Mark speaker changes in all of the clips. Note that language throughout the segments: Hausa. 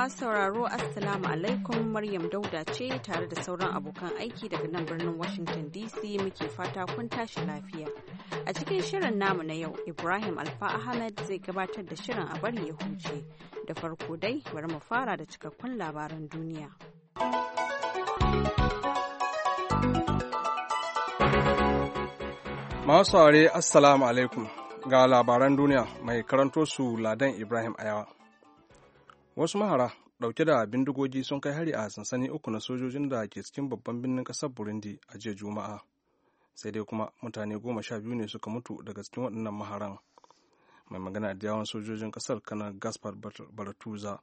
Speaker 1: masu sauraro Assalamu alaikum Maryam Dauda ce tare da sauran abokan aiki daga nan birnin Washington DC muke fata kun tashi lafiya. A cikin shirin namu na yau, Ibrahim Alfa Ahmed zai gabatar da shirin a bari ya huce. Da farko dai bari mu fara da cikakkun labaran duniya.
Speaker 2: Masu saurare Assalamu alaikum ga labaran duniya mai karanto su Ladan Ibrahim Ayawa. wasu mahara ɗauke da bindigogi sun kai hari a sansani uku na sojojin da ke cikin babban birnin ƙasar burundi a jiya juma'a sai dai kuma mutane goma sha biyu ne suka mutu daga cikin waɗannan maharan mai magana a diyawan sojojin ƙasar kanar gaspar baratuza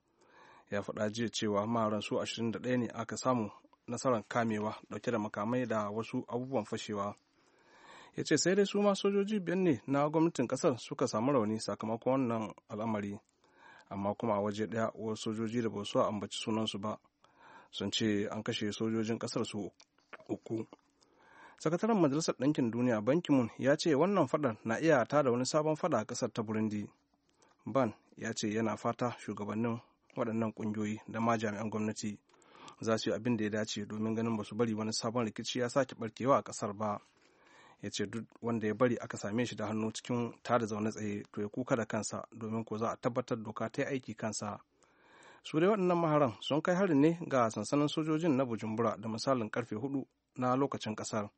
Speaker 2: ya faɗa jiya cewa maharan su ashirin ɗaya ne aka samu nasarar kamewa ɗauke da makamai da wasu abubuwan fashewa ya ce sai dai su ma sojoji biyan ne na gwamnatin ƙasar suka samu rauni sakamakon wannan al'amari amma kuma a waje ɗaya wasu sojoji da ba su ambaci sunansu ba sun ce an kashe sojojin ƙasar su uku sakataren majalisar ɗinkin duniya banki mun ya ce wannan fadar na iya da wani sabon fada a ƙasar ta burundi ban ya ce yana fata shugabannin waɗannan ƙungiyoyi da ma jami'an gwamnati za su yi abin da ya dace domin ganin ba su bari wani sabon rikici ya sake barkewa a ƙasar ba. ya ce duk wanda ya bari aka same shi da hannu cikin tada zaune tsaye to ya kuka da kansa domin ko za a tabbatar doka ta aiki kansa su dai waɗannan maharan sun kai harin ne ga sansanin sojojin na bujumbura da misalin karfe hudu na lokacin kasar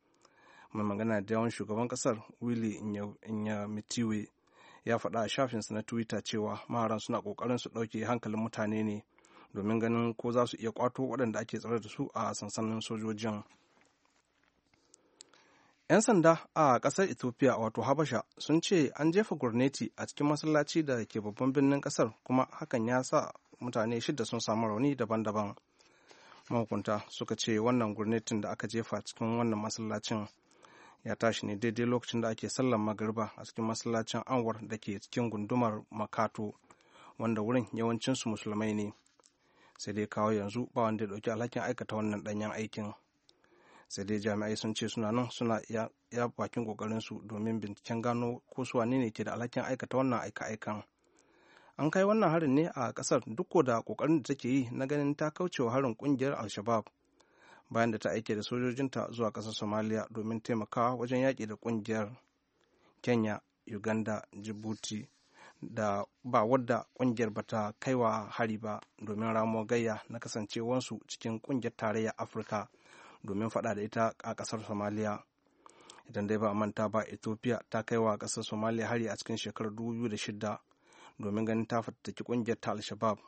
Speaker 2: mai magana da yawan shugaban ƙasar willy nyamitiwe ya faɗa a shafinsa na twitter cewa maharan suna ƙoƙarin su ɗauke hankalin mutane ne domin ganin ko za su iya kwato waɗanda ake tsare da su a sansanin sojojin. 'Yan sanda a ƙasar Ethiopia wato Habasha sun ce an jefa gurneti a cikin masallaci da ke babban birnin ƙasar kuma hakan ya sa mutane shida sun samu rauni daban-daban. Mahukunta suka ce wannan gurnetin da aka jefa cikin wannan masallacin ya tashi ne daidai lokacin da ake sallan magariba a cikin masallacin anwar da ke cikin gundumar makato wanda wurin yawancinsu musulmai ne sai dai kawo yanzu ba wanda ya ɗauki alhakin aikata wannan ɗanyen aikin sai dai jami'ai sun ce suna nan suna ya bakin kokarin su domin binciken gano ko su wane ne ke da alhakin aikata wannan aika-aikan an kai wannan harin ne a kasar duk da kokarin da take yi na ganin ta kaucewa harin kungiyar al-shabab bayan da ta aike da sojojinta zuwa kasar somalia domin taimakawa wajen yaƙi da kungiyar kenya uganda djibouti da ba wadda kungiyar bata kaiwa hari ba domin ramo gayya na kasancewansu cikin kungiyar tarayyar afirka domin faɗa da ita a ƙasar somaliya idan dai ba a manta ba ethiopia ta kai wa ƙasar somaliya hari a cikin shekarar 2006 domin ganin ta fataki ƙungiyar ta al-shabab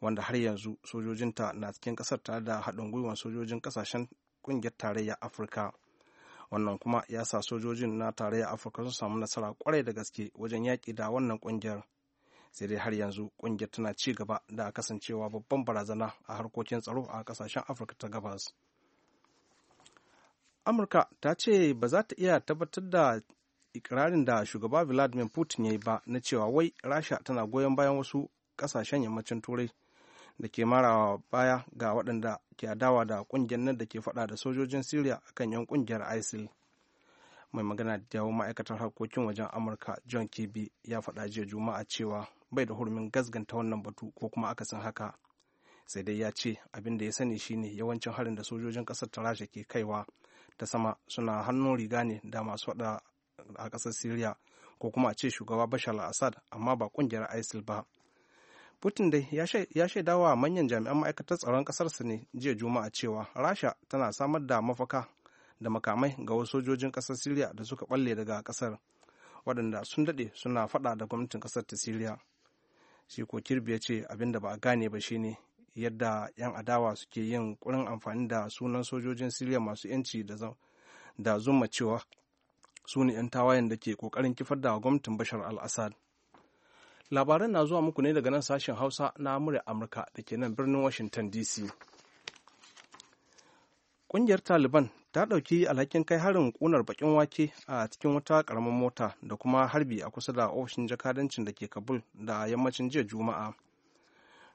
Speaker 2: wanda har yanzu sojojinta na cikin kasar tare da haɗin gwiwar sojojin kasashen ƙungiyar tarayya afirka wannan kuma ya sa sojojin na tarayya afirka sun samu nasara kwarai da gaske wajen yaƙi da wannan ƙungiyar sai dai har yanzu ƙungiyar tana ci gaba da kasancewa babban barazana a harkokin tsaro a kasashen afirka ta gabas. amurka ta ce ba za ta iya tabbatar da ikirarin da shugaba vladimir putin ya yi ba na cewa wai rasha tana goyon bayan wasu kasashen yammacin turai da ke marawa baya ga waɗanda ke adawa da ƙungiyar nan da ke faɗa da sojojin syria kan yan ƙungiyar isil mai magana da jawo ma'aikatar harkokin wajen amurka john kirby ya faɗa jiya juma'a cewa bai da hurumin gasganta wannan batu ko kuma akasin haka sai dai ya ce abinda ya sani shine yawancin harin da sojojin ƙasar ta rasha ke kaiwa ta sama suna hannun riga ne da masu faɗa a ƙasar Siriya ko kuma a ce shugaba Bashar al-Assad amma ba ƙungiyar ISIL ba. Putin dai ya shaida wa manyan jami'an ma'aikatar tsaron ƙasarsa ne jiya Juma'a cewa Rasha tana samar da mafaka da makamai ga wasu sojojin ƙasar Siriya da suka balle daga ƙasar waɗanda sun daɗe suna faɗa da gwamnatin ƙasar ta Siriya. Shi ko Kirby ya ce abin da ba a gane ba shine yadda 'yan adawa suke yin kurin amfani da sunan sojojin siriya masu 'yanci da zuma cewa su ne 'yan tawayen da ke kokarin kifar da gwamnatin bashar al-assad labaran na zuwa muku ne daga nan sashen hausa na murya amurka da ke nan birnin washington dc ƙungiyar taliban ta ɗauki alhakin kai harin ƙunar bakin wake a cikin wata ƙaramin mota da kuma harbi a kusa da ofishin jakadancin da ke kabul da yammacin jiya juma'a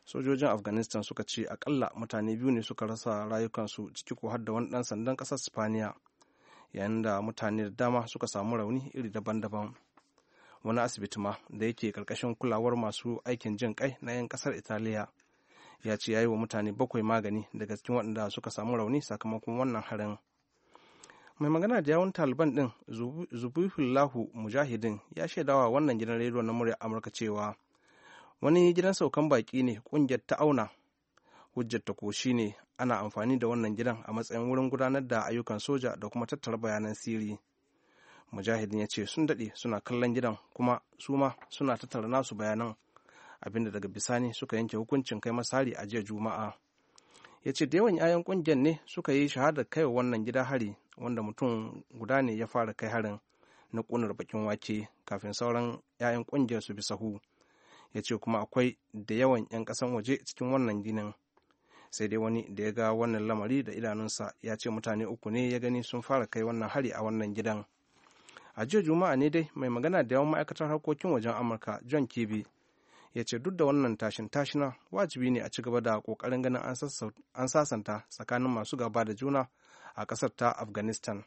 Speaker 2: sojojin afghanistan suka ce akalla mutane biyu ne suka rasa rayukansu ciki ko har da wani dan sandan ƙasar spaniya yayin da mutane da dama suka samu rauni iri daban-daban wani asibiti ma da yake karkashin kulawar masu aikin jin kai na 'yan kasar italiya ya ce ya yi wa mutane bakwai magani daga cikin waɗanda suka samu rauni sakamakon wannan harin mai magana da yawun taliban ɗin zubihullahu mujahidin ya shaidawa wannan gidan rediyo na murya amurka cewa wani gidan saukan baki ne ƙungiyar ta auna hujjar ta ko shine ana amfani da wannan gidan a matsayin wurin gudanar da ayyukan soja da kuma tattara bayanan sirri mujahidin ya ce sun daɗe suna kallon gidan kuma su ma suna tattara nasu bayanan abinda daga bisani suka yanke hukuncin kai masari a jiya juma'a ya ce da yawan 'ya'yan ƙungiyar ne suka yi shahadar kai wannan gida hari wanda mutum guda ne ya fara kai harin na ƙunar bakin wake kafin sauran 'ya'yan ƙungiyar su bi sahu ya ce kuma akwai da yawan 'yan ƙasan waje cikin wannan ginin sai dai wani da ya ga wannan lamari da idanunsa ya ce mutane uku ne ya gani sun fara kai wannan hari a wannan gidan a jiya juma'a ne dai mai magana da yawan ma'aikatar harkokin wajen amurka john kibi ya ce duk da wannan tashin tashina wajibi ne a ci gaba da kokarin ganin an sasanta tsakanin masu gaba da juna a ƙasar ta afghanistan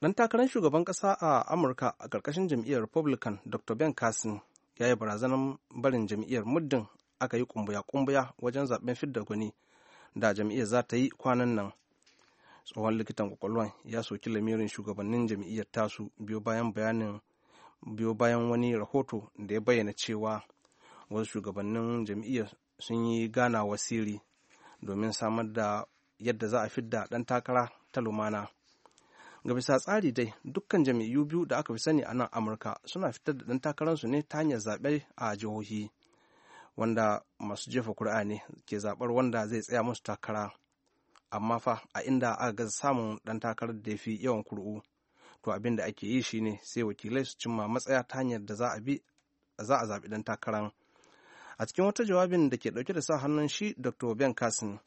Speaker 2: dan takarar shugaban ƙasa a amurka a ƙarƙashin jam'iyyar republican dr ben carson ya yi barazanar barin jam'iyyar muddin aka yi kumbuya-kumbuya wajen zaben fidda gwani da jam'iyyar za ta yi kwanan nan tsohon likitan kwakwalwan ya soki lamirin shugabannin jam'iyyar tasu biyo bayan bayanin biyo bayan wani rahoto da ya bayyana cewa wasu shugabannin jam'iyyar sun yi ganawa siri domin samar da yadda za a fidda ɗan takara ta lumana ga bisa tsari dai dukkan jami'u biyu da aka fi sani a nan amurka suna fitar da ɗan takararsu ne ta hanyar zaɓe a jihohi wanda masu jefa kuri'a ne ke zaɓar wanda zai tsaya musu takara amma fa a inda aka ga samun ɗan takarar da ya fi yawan kuri'u to abin da ake yi shine sai wakilai su cimma matsaya ta hanyar da za a bi za a zaɓi ɗan takaran. a cikin wata jawabin da ke ɗauke da sa hannun shi dr ben kasin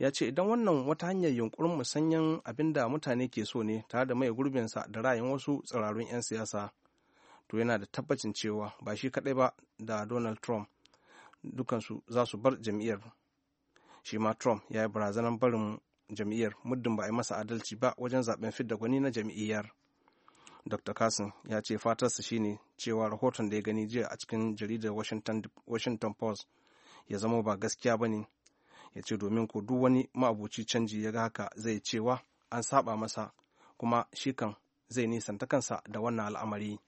Speaker 2: ya ce idan wannan wata hanyar yunkurin musanyen abin da mutane ke so ne tare da mai gurbinsa da ra'ayin wasu tsirarun 'yan siyasa to yana da tabbacin cewa ba shi kadai ba da donald trump dukansu za su bar jam'iyyar shi ma trump ya yi barazanar barin jam'iyyar muddin ba a yi masa adalci ba wajen zaben fidda gwani na jam'iyyar dr carson ya ce fatarsa shine cewa rahoton da ya gani jiya a cikin jaridar washington post ya zama ba gaskiya ba ne ya ce domin ko duk wani ma'abuci canji ya ga haka zai cewa an saba masa kuma shi kan zai nisanta kansa da wannan al'amari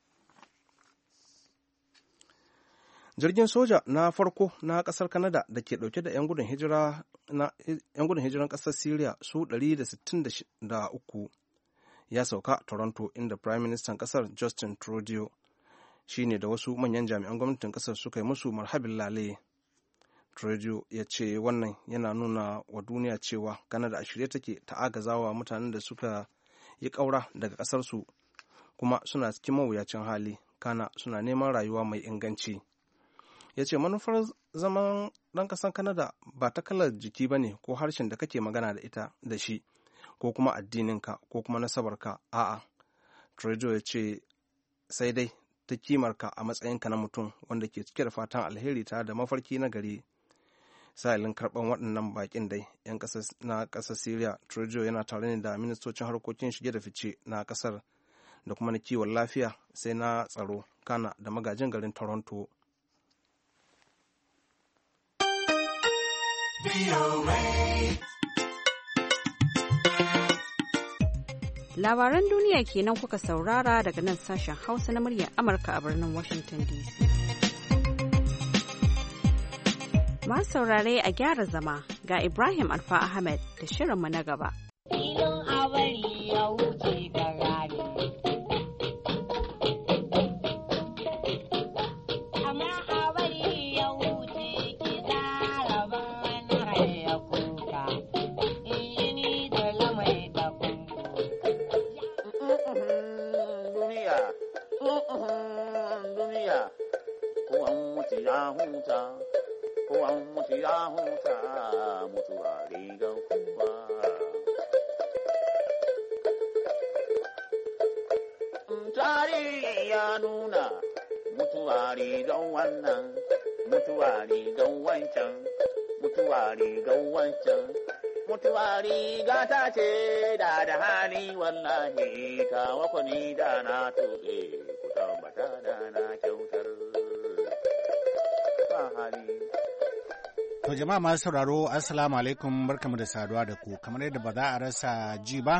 Speaker 2: jirgin soja na farko na kasar kanada da ke dauke da 'yan gudun hijiran kasar syria su 163 ya sauka toronto inda prime minister kasar justin trudeau shine da wasu manyan jami'an gwamnatin kasar suka yi musu marhabin lalaye radio ya ce wannan yana nuna wa duniya cewa Canada a shirye take ta agazawa mutanen da suka yi ƙaura daga ƙasarsu kuma suna cikin mawuyacin hali kana suna neman rayuwa mai inganci. Ya ce manufar zaman ɗan ƙasar kanada ba ta kalar jiki ba ne ko harshen da kake magana da ita da shi ko kuma addininka ko kuma nasabarka a'a. trejo ya ce sai dai ta kimarka a matsayinka na mutum wanda ke cike da fatan alheri ta da mafarki na gari sa'ilin karban waɗannan baƙin dai yan na ƙasar syria trojo yana tare ne da ministocin harkokin shige da fice na ƙasar da kuma na kiwon lafiya sai na tsaro kana da magajin garin toronto
Speaker 1: Labaran duniya kenan kuka saurara daga nan sashen Hausa na muryar Amurka a birnin Washington DC. Masu saurare a gyara zama ga Ibrahim Alfa Ahmed da shirinmu na gaba.
Speaker 3: Filin abari ya wuce. tarihi ya nuna mutuwa rigan wannan mutuwa rigan wancan mutuwa rigan wancan
Speaker 4: mutuwa riga ta ce da da hali wallahi ta wako ni da na tuɓe ku tambata da na kyautar
Speaker 5: hali To jama'a masu sauraro, Assalamu alaikum barkamu da saduwa da ku, kamar yadda ba za a rasa ji ba,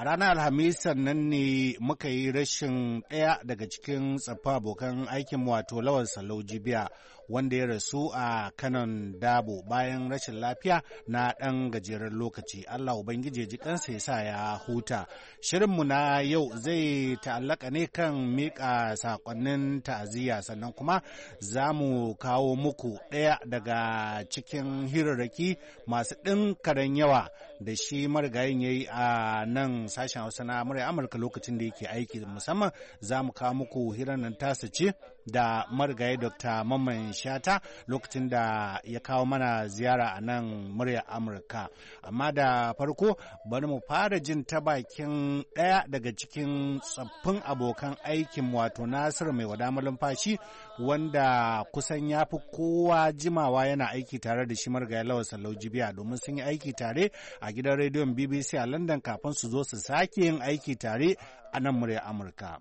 Speaker 5: A ranar Alhamis sannan ne muka yi rashin ɗaya daga cikin tsaffa abokan aikin wato lawan salo Jibiya wanda ya rasu a kanon dabo bayan rashin lafiya na ɗan gajeren lokaci Allah Ubangiji ji kansa ya sa ya huta shirinmu na yau zai ta'allaka ne kan miƙa saƙonnin ta'aziyya sannan kuma za mu kawo muku ɗaya daga cikin hirarraki masu ɗinkaren yawa da shi marigayin ya yi a nan sashen hausa na amurka lokacin da yake aiki musamman za mu kawo muku hirar nan tasa ce da marigayi Dr. Mamman Shata lokacin da ya kawo mana ziyara a nan muryar Amurka. Amma da farko bari mu fara jin ta bakin ɗaya daga cikin tsaffin abokan aikin wato Nasir mai wada malumfashi wanda kusan ya fi kowa jimawa yana aiki tare da shi marigayi Lawal Sallau domin sun yi aiki tare a gidan rediyon BBC a London kafin su zo su sake yin aiki tare a nan muryar Amurka.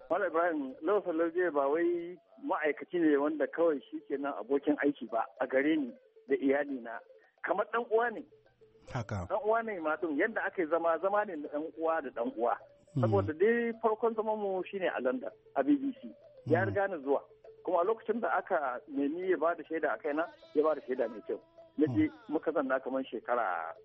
Speaker 6: ma'aikaci ne wanda kawai shi ke nan abokin aiki ba a gare ni da iyalina kamar dan uwa ne haka dan uwa ne matun yadda aka zama zama ne na dan uwa da dan uwa hmm. saboda dai farkon zaman mu shine a London a BBC hmm. ya riga ni zuwa kuma lokacin da aka nemi ya ba da shaida a kaina ya ba da shaida mai kyau na je hmm. muka zanna kamar shekara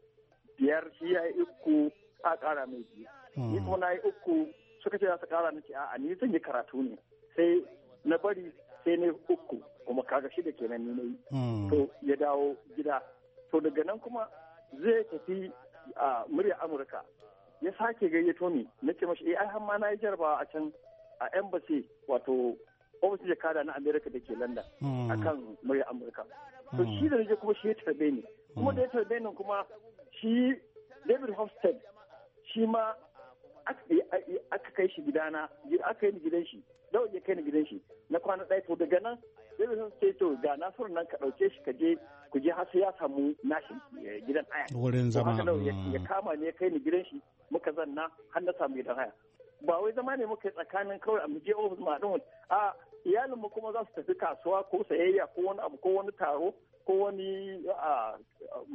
Speaker 6: biyar shi ya yi uku a kara mai biyu ni kuma na yi uku suka ce za su kara ni a'a ni zan yi karatu ne sai na bari sai na uku kuma kaga shida kenan ni na yi hmm. to ya dawo gida to daga nan kuma zai tafi a murya amurka ya sake gayyato ni na ce mashi eh, ai har ma na yi jarabawa a can a embassy wato ofishin jakada na america da ke london hmm. a kan murya amurka to hmm. shi da je kuma shi ya tarbe ni kuma da ya tarbe ni kuma shi david hofstad shi ma aka kai shi gidana aka yi gidan shi dawo ya kai ni gidan shi na kwana ɗaya to daga nan sai da ce to ga nasiru nan ka ɗauke shi ka je ku je har sai ya samu nashi eh, gidan aya wurin zama ya kama ne ya kai ni gidan shi muka zanna har na samu gidan aya ba wai zama ne muka yi tsakanin kawai a muje ofis ma a iyalin mu kuma za su tafi kasuwa ko sayayya ko wani abu ko wani taro ko wani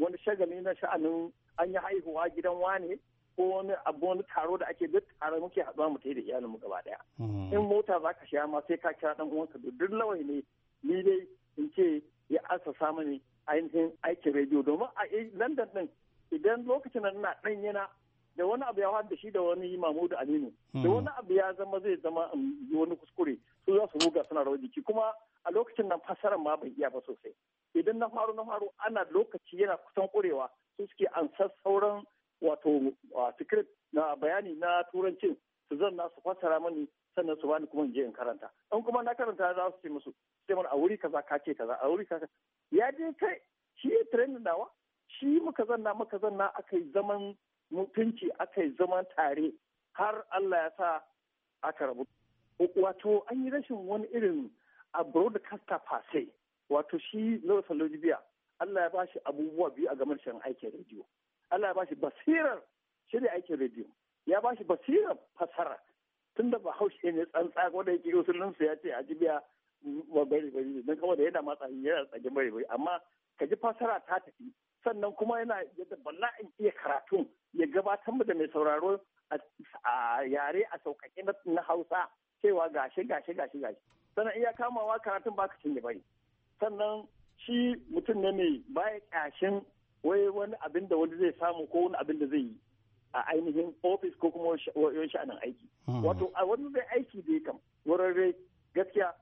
Speaker 6: wani shagali na sha'anin an yi haihuwa gidan wane ko wani abu wani taro da ake duk tare muke haɗuwa mu yi da iyalin mu gaba ɗaya. Hmm. in mota za ka sha ma sai ka kira dan uwanka duk lawai ne ni dai in ce ya asa samu ne ainihin aikin rediyo domin a London din idan lokacin da ina ɗan yana da wani abu ya da shi da wani Mahmudu Aminu da hmm. wani abu ya zama zai zama wani kuskure su za su ruga suna rawar jiki kuma a lokacin nan fassarar ma bai iya ba sosai idan na faru na faru ana lokaci yana kusan ƙurewa su suke an sauran wato sikirit na bayani na Turanci su zanna su fassara mani sannan su bani kuma je in karanta in kuma na karanta za su ce musu sai mana a wuri kaza ka ce kaza a wuri kaza ya je kai shi ya training nawa shi muka zanna muka zanna aka zaman mutunci aka yi zaman tare har Allah ya sa aka rabu wato an yi rashin wani irin a broadcaster fasai wato shi Lawrence Lodibiya Allah ya bashi abubuwa biyu a gamar shan aikin rediyo Allah ya bashi basirar shirya aikin rediyo ya bashi basirar fasara tun da bahaushe ne tsantsa ko da yake nan su ya ce a jibiya wa bari bari ne kawai da yana matsa yana tsage bari bari amma ka ji fasara ta tafi sannan kuma yana yadda in iya karatun ya gabatar mu da mai sauraro a yare a sauƙaƙe na hausa cewa gashi gashi gashi gashi sannan iya kamawa karatun ba ka cinye bari sannan shi mutum ne mai baya ƙyashin wai wani abin da wani zai samu ko wani abin da zai yi a ainihin ofis ko kuma wani sha'anin aiki hmm. wato a wani zai aiki da kam wurare gaskiya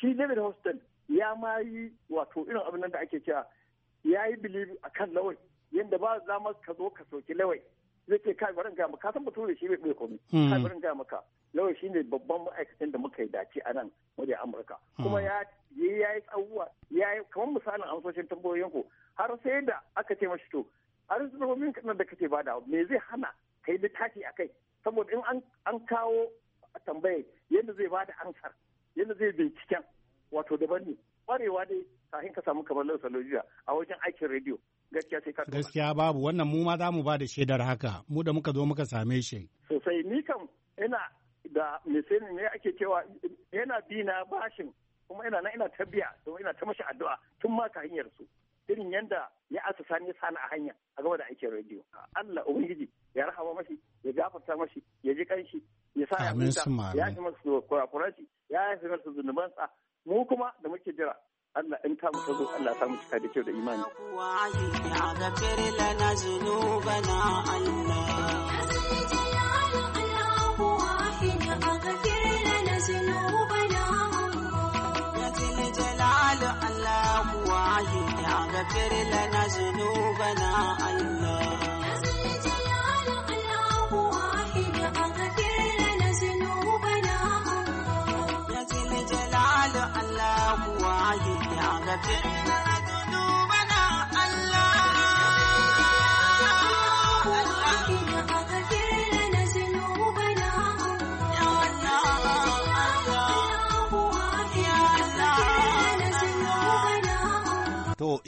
Speaker 6: shi david hostel ya ma yi wato irin abin da ake cewa ya yi bilibi a kan lawai yadda ba za ka zo ka soki lawai zai ce kai barin gaya maka san bature shi bai bai komi hmm. kai barin gaya maka lawan ne babban ma'aikacin da muka yi dace a nan wajen amurka kuma hmm. ya ya yi tsawuwa ya yi kamar misalin amsoshin tambayoyin ku har sai da aka ce mashi to har zubomin kaɗan da kake bada me zai hana ka yi littafi a kai saboda in an kawo tambaye yadda zai bada ansar yadda zai binciken wato daban ne kwarewa dai kafin ka samu kamar lausa lojiya a wajen aikin rediyo gaskiya sai ka gaskiya
Speaker 5: babu wannan mu ma za mu ba da shaidar haka mu da muka zo muka same shi
Speaker 6: sosai ni kam ina da misali ne ake cewa yana bi na bashin kuma ina na ina ta biya ina ta mashi addu'a tun ma ka hanyar su irin yanda ya asa sani sana a hanya a gaba da aikin rediyo Allah ubangiji ya rahama mashi ya gafarta mashi ya ji kanshi ya sa ya ya ji masu kurakuran ya yi masu zunuban sa mu kuma da muke jira Allah in ta mutu zo Allah ta mutu da kyau da imani
Speaker 3: ya lana zunubana Allah فاغفر لنا ذنوبنا الله الله واحد يا غفر لنا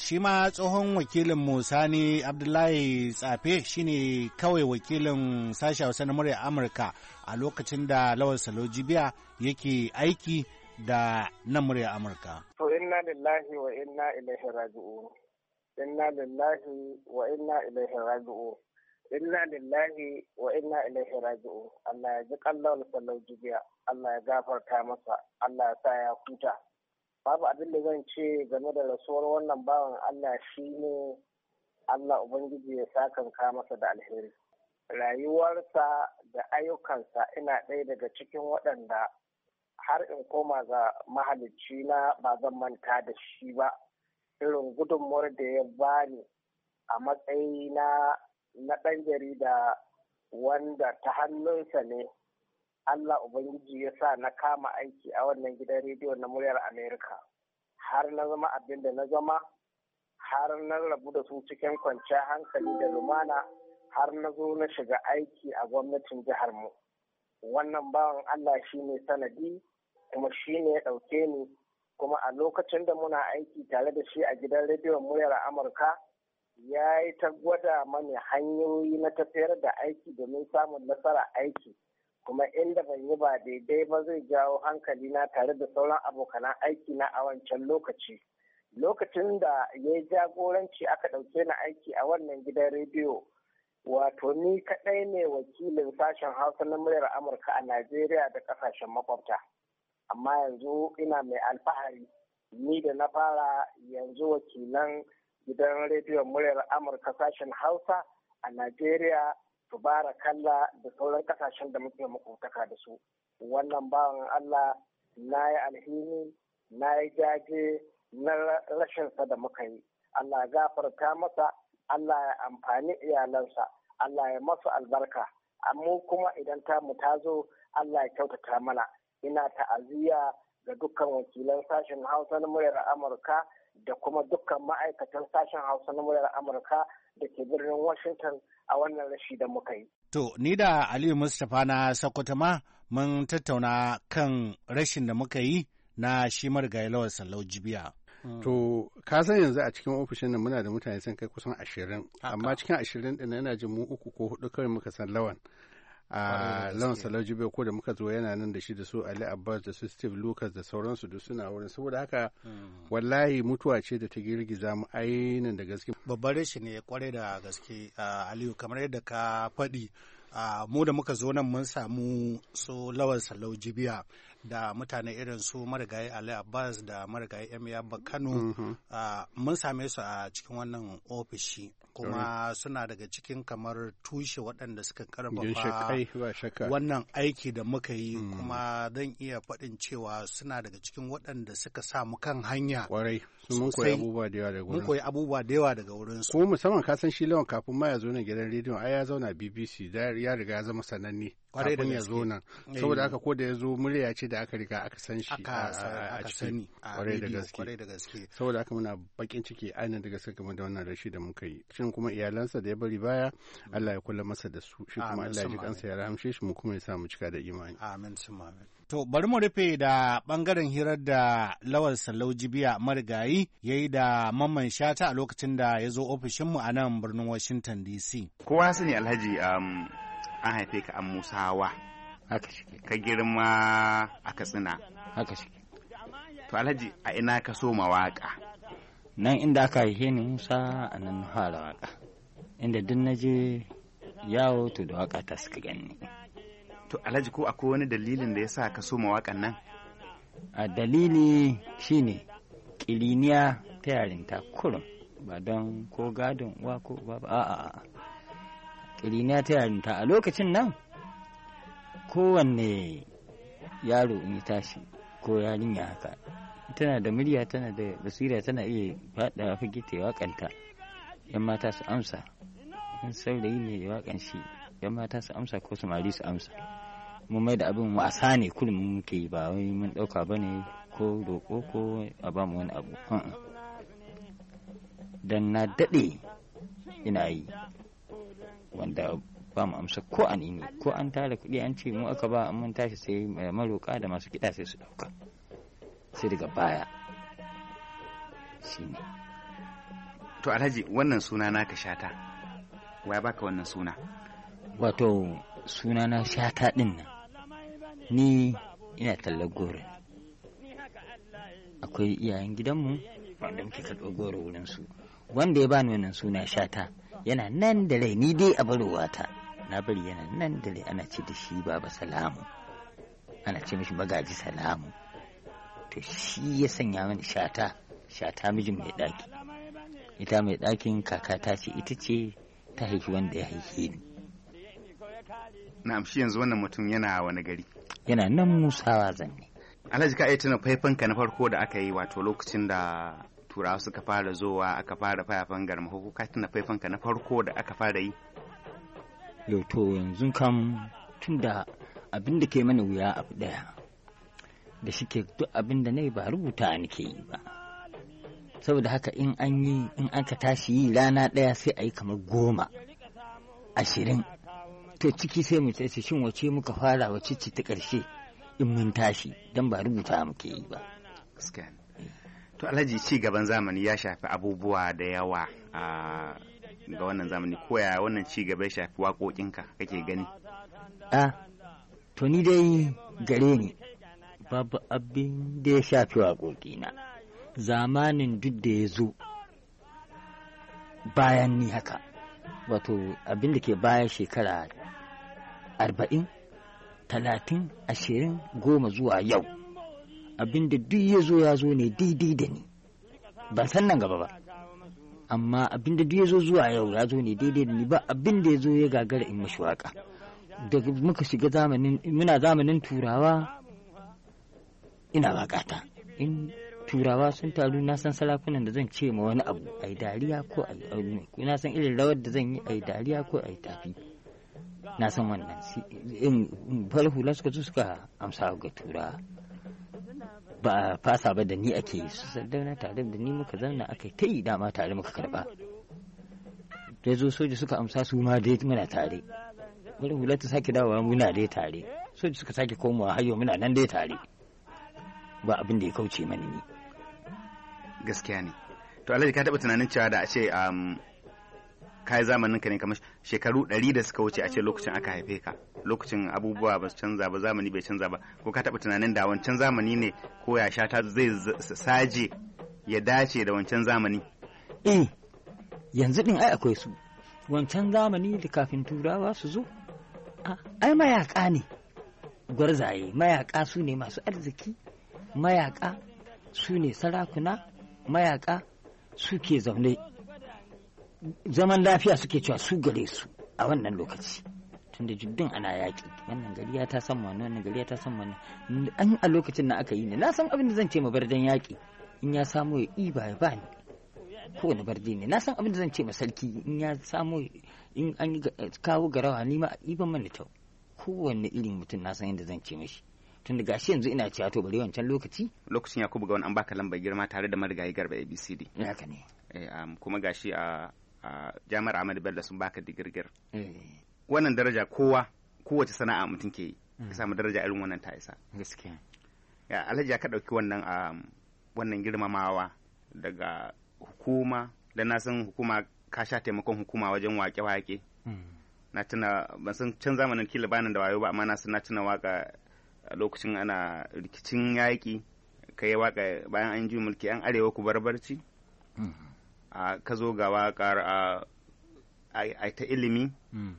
Speaker 5: shi ma tsohon wakilin musa ne abdullahi tsafe shi ne kawai wakilin sashi hausa na murya amurka a lokacin da lawal salo jibiya yake aiki da nan murya amurka
Speaker 7: to inna lillahi wa inna ilaihi raji'un inna lillahi wa inna ilaihi raji'un inna lillahi wa inna ilaihi raji'un Allah ya ji kallon salo jibiya Allah ya gafarta masa Allah ya sa ya huta babu abin da zan ce game da rasuwar wannan bawan Allah shi ne Allah Ubangiji ya sa sakanka masa da alheri. Rayuwarsa da ayyukansa ina ɗaya daga cikin waɗanda har in koma ga mahalicci na ba zan manta da shi ba irin gudunmuwar da ya bani a matsayi na ɗan jarida wanda ta hannunsa ne Allah Ubangiji ya sa na kama aiki a wannan gidan rediyo na muryar Amerika. Har na zama abin da na zama, har na rabu da su cikin kwanciyar hankali da lumana, har na zo na shiga aiki a gwamnatin jihar mu. Wannan bawan Allah shi ne sanadi, kuma shi ne ya ɗauke ni, kuma a lokacin da muna aiki tare da shi a gidan rediyon muryar Amurka, ya yi ta gwada mani hanyoyi na tafiyar da aiki domin samun nasara aiki. kuma inda ban yi ba daidai ba zai jawo hankali na tare da sauran abokanan aiki na a wancan lokaci lokacin da ya yi jagoranci aka ɗauke na aiki a wannan gidan rediyo wato ni kaɗai ne wakilin sashen hausa na muryar amurka a najeriya da ƙasashen makwabta amma yanzu ina mai alfahari ni da na fara yanzu wakilan gidan rediyon muryar amurka sashen hausa a najeriya su bara kalla da sauran kasashen da muke makotaka da su wannan bawan allah na yi alhini na yi jaje na rashinsa da muka yi allah gafarta masa allah ya amfani iyalansa allah ya masu albarka amma kuma idan tamu ta zo allah ya kyautata mana ina ta'aziyya ga dukkan wakilan sashen hausa na muryar amurka da kuma dukkan ma'aikatan sashen hausa na muryar amurka da ke birnin washington a wannan rashi da
Speaker 5: muka yi. To, ni da Aliyu Mustapha na Sokoto ma mun tattauna kan rashin da muka yi na shi marigayi lawar sallau jibiya. Hmm. To, ka san yanzu a cikin ofishin nan muna da mutane sun kai kusan ashirin, amma cikin ashirin ɗin yana jin mu uku ko huɗu kawai muka san lawan. a lawan salaji bai ko da muka zo yana nan da shi da su ali abbas da su steve lucas da sauransu da suna wurin saboda haka mm. wallahi mutuwa ce da ta girgiza mu ainihin da gaske babbar rashi ne kwarai da gaske aliyu kamar yadda ka faɗi mu da muka zo nan mun samu su lawan salau jibiya da mutane irin su marigayi ali abbas da marigayi emir kano mm-hmm. mun same su a cikin wannan ofishi kuma suna daga cikin kamar tushe waɗanda suka karfafa wannan aiki da muka yi mm. kuma zan iya faɗin cewa suna daga cikin waɗanda suka sa mu kan hanya kwarai mun koyi abubuwa da yawa daga wurin mun koyi abubuwa da yawa daga wurin su kuma musamman ka san shi lawan kafin ma ya zo na gidan rediyon ai ya zauna BBC da ya riga ya zama sananne kwarai da ya zo nan eh. saboda haka ko da ya zo murya ce da aka riga aka san shi a cikin kwarai da gaske saboda haka muna bakin ciki ainihin da gaske game da wannan rashi da muka yi shin kuma iyalansa da ya bari baya Allah ya kula masa da su shi kuma Allah ya ji kansa ya rahamshe shi mu kuma ya sa mu cika da imani amin summa To bari mu rufe da bangaren hirar da Lawal Sallau Jibiya marigayi ya yi da mamman shata a lokacin da ya zo ofishinmu a nan birnin Washington DC. Kowa sani Alhaji
Speaker 4: um, an haife ka a musawa haka shi ka girma a katsina haka shi to alhaji a ina ka so mawaka nan inda aka haife ni musa a nan fara waka inda duk na je yawo to da waka ta suka gani to alhaji ko akwai wani dalilin da ya sa ka so mawakan nan a dalili shine kiliniya ta yarinta
Speaker 8: kurum ba don ko gadon wa ko ba a'a ƙiriniya ta yarinta a lokacin nan kowanne yaro in yi tashi ko yarinya haka tana da murya tana da basira tana iya faɗa fage ta waƙanta yan mata su amsa in saurayi ne ya waƙan shi yan mata su amsa ko samari su amsa mu mai da abin wasa ne kullum muke ba wai mun ɗauka ba ne ko roƙo ko a ba mu wani abu dan na daɗe ina yi wanda ba mu amsa ko an ne ko an tara kuɗi an ce mu aka ba mun tashi sai maroƙa da masu kiɗa sai
Speaker 4: su ɗauka sai daga baya shine to alhaji wannan suna na ka shata waya baka wannan suna
Speaker 8: wato suna na shata ɗin nan ni ina tallar goro akwai iyayen gidanmu wanda muke karɓar goro wurinsu wanda ya bani wannan suna shata yana nan da rai ni dai a barowata na bari yana nan da rai ana ce da shi baba salamu ana ce mishi magaji salamu to shi ya sanya mani shata shata mijin mai ɗaki ita mai ɗakin ta ce ita ce ta haifi wanda ya haife ni
Speaker 4: na'am shi yanzu wannan mutum yana wani gari yana nan musawa zanne alhaji ka iya tuna faifanka na farko da aka yi wato lokacin da turawa suka fara zowa aka fara fayafan garma ko ka tuna ka na farko da aka fara yi
Speaker 8: yau to yanzu kam tun da abin da ke mana wuya abu daya da shike duk abin da nayi ba rubuta ke yi ba saboda haka in an yi in aka tashi yi rana daya sai a yi kamar goma ashirin to ciki sai mu tsaye shin wace muka fara wace ce ta karshe in mun tashi dan ba rubuta muke yi ba.
Speaker 4: to alhaji ci gaban zamani ya shafi abubuwa da yawa a ga wannan zamani koya wannan ci gaba ya shafi waƙoƙinka kake gani
Speaker 8: a to ni dai gare ni babu abin da ya shafi waƙoƙina zamanin duk da ya zo bayan ni haka wato abin da ke baya shekara arba'in talatin ashirin goma zuwa yau abinda duk ya zo ya zo ne daidai da ni ban san nan gaba ba amma abinda duk ya zo zuwa yau ya zo ne daidai da ni ba abinda ya zo ya gagara in mashi waka da muka shiga zamanin muna zamanin turawa ina ta in turawa sun taru na san salafunan da zan ce ma wani abu ai dariya ko ai na san irin rawar da zan yi ai dariya ko ai tafi na san wannan in falhula suka zo suka amsa ga turawa ba fasa ba da ni ake yi su na tare da ni muka zauna aka ta yi dama tare muka karba da zo soja suka amsa su ma dai muna tare bari hula ta sake dawowa muna dai tare soja suka sake komawa hayo muna nan dai tare
Speaker 4: ba abin da ya kauce mani ni gaskiya ne to alhaji ka taba tunanin cewa da a ce um, kai zamanin ka ne kamar shekaru ɗari da suka wuce a ce lokacin aka haife ka lokacin abubuwa ba su canza ba zamani bai canza ba ko ka taɓa tunanin da wancan zamani ne ko ya sha ta zai saje ya dace da wancan zamani eh yanzu din ai akwai su
Speaker 8: wancan zamani da kafin turawa su zo ai mayaka ne gwarzaye mayaka su ne masu arziki mayaka su ne sarakuna mayaka suke zaune zaman lafiya suke cewa su gare su a wannan lokaci tunda juddun ana yaƙi wannan gari ya ta san wannan wannan gari ya ta san wannan an a lokacin na aka yi ne na san abin da zan ce ma bardan yaƙi in ya samu ya iba ya bani kowane bardi ne na san abin da zan ce ma sarki in ya samu in an kawo garawa ni ma iban mana tau kowanne irin mutum na san yadda zan ce mashi tun daga shi yanzu ina cewa to
Speaker 4: bari wancan lokaci lokacin ya yakubu ga wani an baka lambar girma tare da marigayi garba abcd ka ne eh, kuma gashi a a jami'ar Ahmadu Bello sun baka digirgir eh. wannan daraja kowa kowace sana'a mutum ke yi ya mm. samu daraja irin wannan ta isa gaskiya ya alhaji ya ka ɗauki wannan wannan girmamawa daga hukuma da na san hukuma ka sha taimakon hukuma wajen wake-wake mm. na tuna ban san can zamanin kila banin da wayo ba amma na san na tuna waka lokacin ana rikicin yaƙi kai waka bayan an ji mulki an arewa ku barbarci mm. ka zo ga waƙar a ta ilimi mm.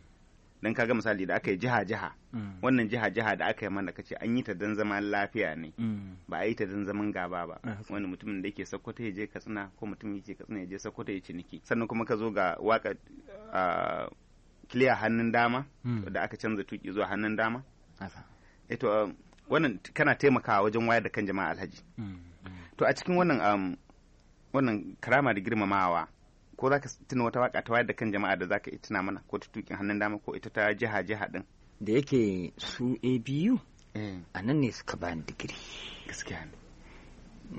Speaker 4: don kaga misali da aka yi jiha-jiha mm. wannan jiha-jiha da aka yi mana kace an yi ta don zaman lafiya ne mm. ba a yi ta don zaman gaba ba ah, wani mutumin da yake sokoto ya je katsina ko mutum yake katsina ya je sokoto ya ciniki sannan kuma ka zo ga waka kiliya hannun dama da aka canza tuki zuwa hannun dama eto eh um, wannan kana taimakawa wajen wayar da kan jama'a alhaji to a cikin wannan um, wannan karama da girmamawa ko za ka tuna wata waka ta wayar da kan jama'a da za ka tuna mana ko ta tukin hannun dama ko ita ta jiha jiha din da yake su abu eh. a nan ne suka bani digiri
Speaker 8: gaskiya ne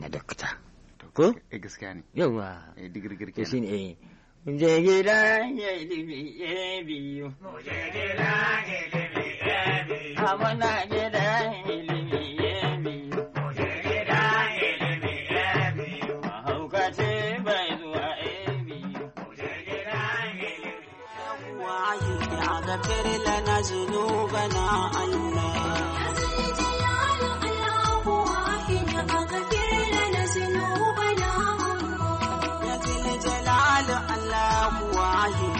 Speaker 8: na dokta ko eh, gaskiya ne yawa eh, girki kenan shine eh je gida
Speaker 3: ya ilimi abu je gida ilimi abu na gida ذنوبنا الله الله واحد يغفر لنا ذنوبنا الله Allah واحد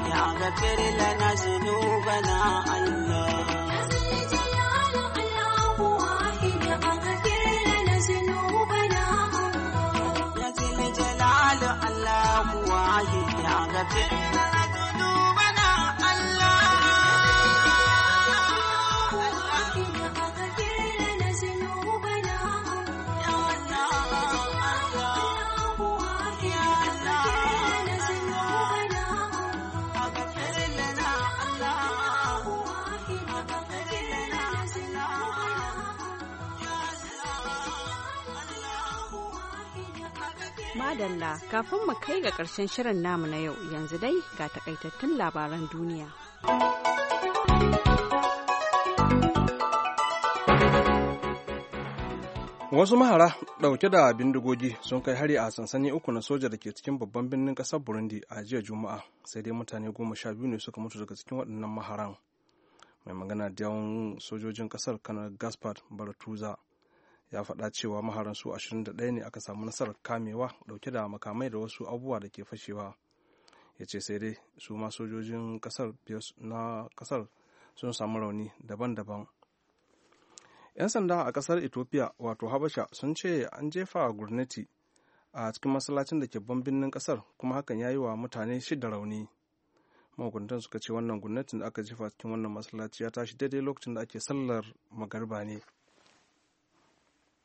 Speaker 3: يغفر لنا
Speaker 1: madalla kafin mu kai ga ƙarshen shirin namu na yau yanzu dai ga takaitattun labaran duniya.
Speaker 2: Wasu mahara ɗauke da bindigogi sun kai hari a sansani uku na soja da ke cikin babban birnin ƙasar Burundi a jiya Juma'a sai dai mutane goma sha biyu ne suka mutu daga cikin waɗannan maharan. Mai magana da yawan sojojin ƙasar kanar Gaspard Baratuza ya faɗa cewa maharan su 21 ne aka samu nasarar kamewa ɗauke da makamai da wasu abubuwa da ke fashewa ya ce sai dai su ma sojojin kasar na kasar sun samu rauni daban-daban 'yan sanda a kasar ethiopia wato habasha sun ce an jefa gurneti a cikin masallacin da ke birnin kasar kuma hakan ya yi wa mutane shida rauni mahukuntan suka ce wannan gurnetin da aka jefa cikin wannan masallaci ya tashi daidai lokacin da ake sallar magarba ne